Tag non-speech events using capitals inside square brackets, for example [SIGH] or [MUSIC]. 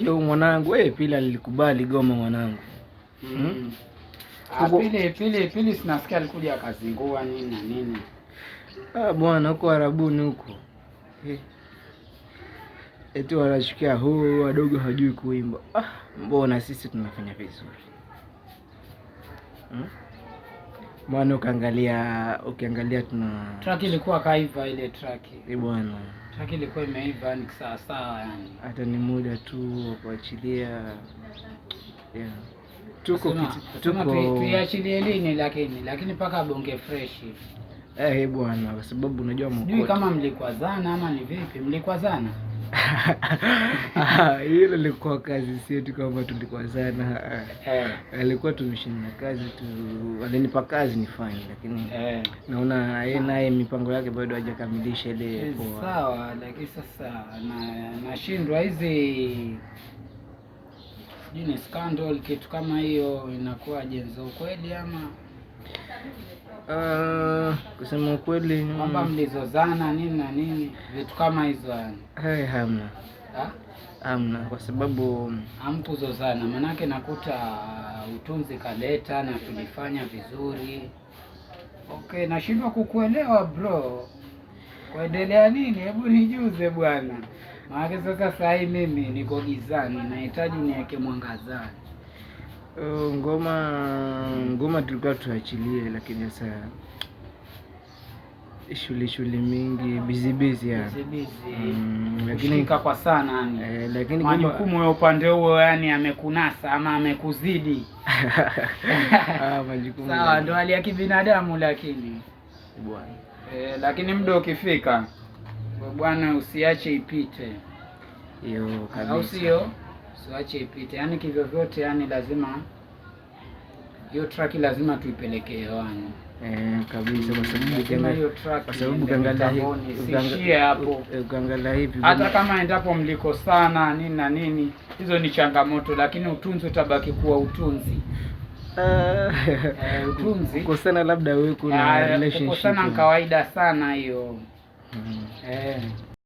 Yo mwanangu, eh, Pili alikubali Goma mwanangu. Mm. Ah, Pili Pili Pili sinasikia alikuja akazingua nini na nini. Ah, bwana huko Arabuni huko. Eh. Eti wanashukia huu wadogo hajui kuimba. Ah, mbona sisi tunafanya vizuri. Mm. Mwana ukiangalia ukiangalia tuna track ilikuwa kaiva ile track. Eh, bwana. Track ilikuwa imeiva ni sawa sawa yani. Hata ni muda tu wa kuachilia. Yeah. Tuko tuko tuiachilie lini lakini lakini paka bonge fresh. Eh, bwana kwa sababu unajua mko. kama mlikwazana ama ni vipi? Mlikwazana? [LAUGHS] Hilo likuwa kazi sietu kwamba tulikuwa sana eh. alikuwa tumeshinia kazi tu, alinipa kazi nifanye, lakini eh. naona yeye naye mipango yake bado hajakamilisha ile. Eh, sawa, lakini sasa nashindwa na hizi ni scandal kitu kama hiyo inakuwa jenzo kweli ama Uh, kusema ukweli mm. kwamba mlizozana nini na nini vitu kama hizo yani? Hey, hamna Hamna, kwa sababu hamkuzozana. Manake nakuta utunzi kaleta na tulifanya vizuri. Okay, nashindwa kukuelewa bro, kuendelea nini? Hebu nijuze bwana, manake sasa saa hii mimi niko gizani, nahitaji niweke mwangazani. Uh, ngoma ngoma tulikuwa tuachilie, lakini sasa shule shule mingi busy busy ya mm, kwa sana yani eh, lakini majukumu ya upande huo yani amekunasa ama amekuzidi. [LAUGHS] ah, majukumu sawa, ndo hali ya kibinadamu lakini bwana eh, lakini muda ukifika bwana usiache ipite, hiyo kabisa, au sio? siwache ipite, yaani kivyovyote, yaani lazima hiyo traki lazima tuipeleke hewani eh, kabisa, kwa sababu hiyo truck kwa sababu ukiangalia hapo, ukiangalia hivi, hata kama endapo mliko sana nini na nini, hizo ni changamoto, lakini utunzi utabaki kuwa utunzi. Uh, utunzi sana, labda wewe kuna ah, relationship sana kawaida sana hiyo. hmm. eh.